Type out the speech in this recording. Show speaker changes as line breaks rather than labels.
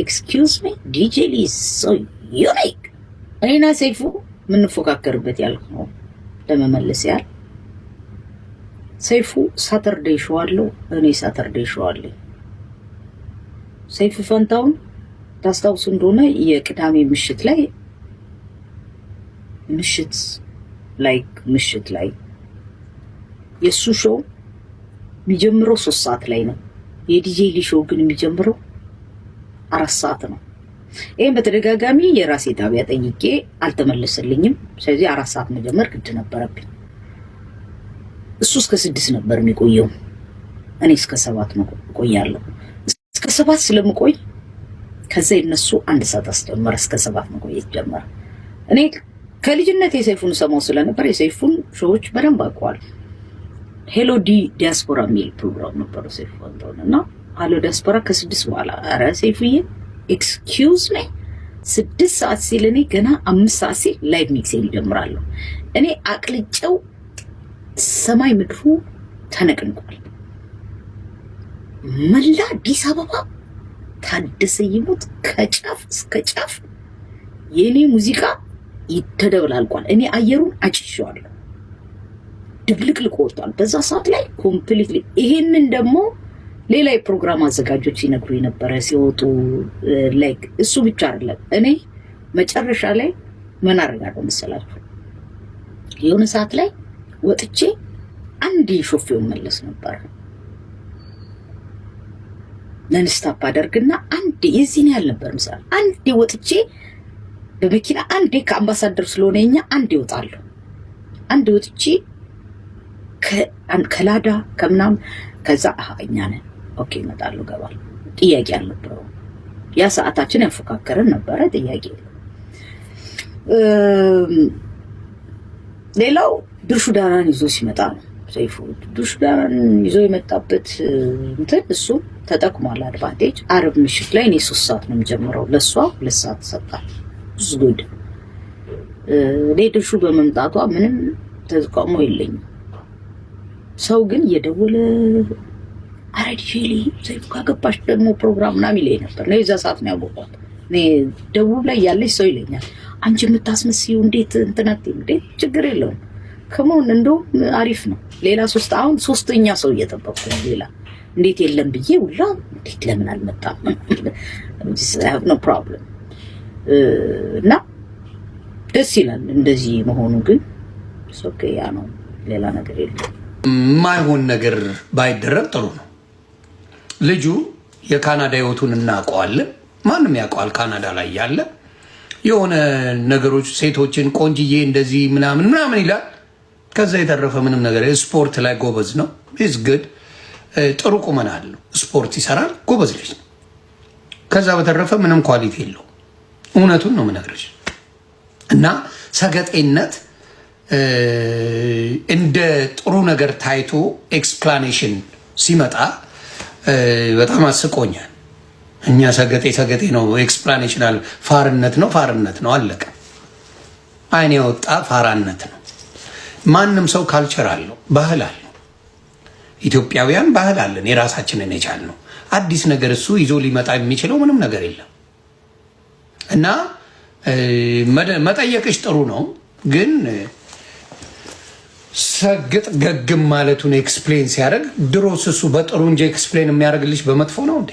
ኤክስኪውዝ ሚ ዲጄ ሊ ሶ ዩኒክ። እኔና ሰይፉ የምንፎካከርበት ያልከው ለመመለስ ያህል ሰይፉ ሳተርዴይ ሾው አለው፣ እኔ ሳተርዴይ ሾው አለኝ። ሰይፉ ፈንታውን ታስታውሱ እንደሆነ የቅዳሜ ምሽት ላይ ምሽት ላይ ምሽት ላይ የእሱ ሾው የሚጀምረው ሶስት ሰዓት ላይ ነው። የዲጄ ሊ ሾው ግን የሚጀምረው አራት ሰዓት ነው። ይህም በተደጋጋሚ የራሴ ጣቢያ ጠይቄ አልተመለሰልኝም። ስለዚህ አራት ሰዓት መጀመር ግድ ነበረብኝ። እሱ እስከ ስድስት ነበር የሚቆየው፣ እኔ እስከ ሰባት እቆያለሁ። እስከ ሰባት ስለምቆይ ከዛ የነሱ አንድ ሰዓት አስጀመረ። እስከ ሰባት መቆየት ጀመረ። እኔ ከልጅነት የሰይፉን ሰማው ስለነበር የሰይፉን ሾዎች በደንብ አውቀዋል። ሄሎ ዲ ዲያስፖራ የሚል ፕሮግራም ነበረው ሰይፉ እና አለ ዲያስፖራ ከስድስት በኋላ ኧረ ሴፍዬ ኤክስኪውዝ ነኝ ስድስት ሰዓት ሲል እኔ ገና አምስት ሰዓት ሲል ላይቭ ሚክሴን ይጀምራለሁ። እኔ አቅልጨው ሰማይ ምድሩ ተነቅንቋል። መላ አዲስ አበባ ታደሰ ይሙት ከጫፍ እስከ ጫፍ የእኔ ሙዚቃ ይተደብላልቋል። እኔ አየሩን አጭሸዋለሁ፣ ድብልቅልቅ ወጥቷል። በዛ ሰዓት ላይ ኮምፕሊትሊ ይሄንን ደግሞ ሌላ የፕሮግራም አዘጋጆች ሲነግሩ የነበረ ሲወጡ ላይክ እሱ ብቻ አይደለም። እኔ መጨረሻ ላይ ምን አደርጋለሁ መሰላችሁ? የሆነ ሰዓት ላይ ወጥቼ አንድ ሾፌውን መለስ ነበረ ነንስታፕ አደርግና አንድ የዚህን ያህል ነበር ምሳል አንዴ ወጥቼ በመኪና አንዴ ከአምባሳደር ስለሆነ እኛ አንድ እወጣለሁ። አንድ ወጥቼ ከላዳ ከምናም ከዛ እኛ ነን ኦኬ ይመጣሉ ገባል ጥያቄ አልነበረው። ያ ሰዓታችን ያፎካከርን ነበረ ጥያቄ። ሌላው ድርሹ ዳናን ይዞ ሲመጣ ነው ሰይፉ። ድርሹ ዳናን ይዞ የመጣበት እንትን እሱ ተጠቅሟል አድቫንቴጅ። አርብ ምሽት ላይ እኔ ሶስት ሰዓት ነው የምጀምረው፣ ለእሷ ሁለት ሰዓት ሰጣት። ዝጉድ እኔ ድርሹ በመምጣቷ ምንም ተቃውሞ የለኝም። ሰው ግን እየደወለ። ሳይድ ሼሊ ሰይፉ ካገባሽ ደግሞ ፕሮግራም ምናምን ይለኝ ነበር። ለዛ ሰዓት ነው ያወቋት። ደቡብ ላይ ያለች ሰው ይለኛል፣ አንቺ የምታስመስዩ እንዴት እንትነት እንዴት ችግር የለውም ከመሆን እንደውም አሪፍ ነው። ሌላ ሶስት አሁን ሶስተኛ ሰው እየጠበቅኩ ነው። ሌላ እንዴት የለም ብዬ ውላ እንዴት ለምን አልመጣም ነው ፕሮብለም እና ደስ ይላል እንደዚህ መሆኑ። ግን ያ ነው ሌላ ነገር የለም።
የማይሆን ነገር ባይደረግ ጥሩ ነው። ልጁ የካናዳ ህይወቱን እናውቀዋለን። ማንም ያውቀዋል። ካናዳ ላይ ያለ የሆነ ነገሮች ሴቶችን ቆንጅዬ እንደዚህ ምናምን ምናምን ይላል። ከዛ የተረፈ ምንም ነገር ስፖርት ላይ ጎበዝ ነው። ግድ ጥሩ ቁመና አለው። ስፖርት ይሰራል። ጎበዝ ልጅ ነው። ከዛ በተረፈ ምንም ኳሊቲ የለው። እውነቱን ነው የምነግርሽ። እና ሰገጤነት እንደ ጥሩ ነገር ታይቶ ኤክስፕላኔሽን ሲመጣ በጣም አስቆኛል። እኛ ሰገጤ ሰገጤ ነው፣ ኤክስፕላኔሽናል ፋርነት ነው፣ ፋርነት ነው፣ አለቀ። አይን የወጣ ፋራነት ነው። ማንም ሰው ካልቸር አለው፣ ባህል አለው። ኢትዮጵያውያን ባህል አለን፣ የራሳችንን ነው። አዲስ ነገር እሱ ይዞ ሊመጣ የሚችለው ምንም ነገር የለም እና መጠየቅሽ ጥሩ ነው ግን ስትረግጥ ገግም ማለቱን ኤክስፕሌን ሲያደርግ ድሮስ እሱ በጥሩ እንጂ ኤክስፕሌን የሚያደርግልሽ በመጥፎ ነው እንዴ?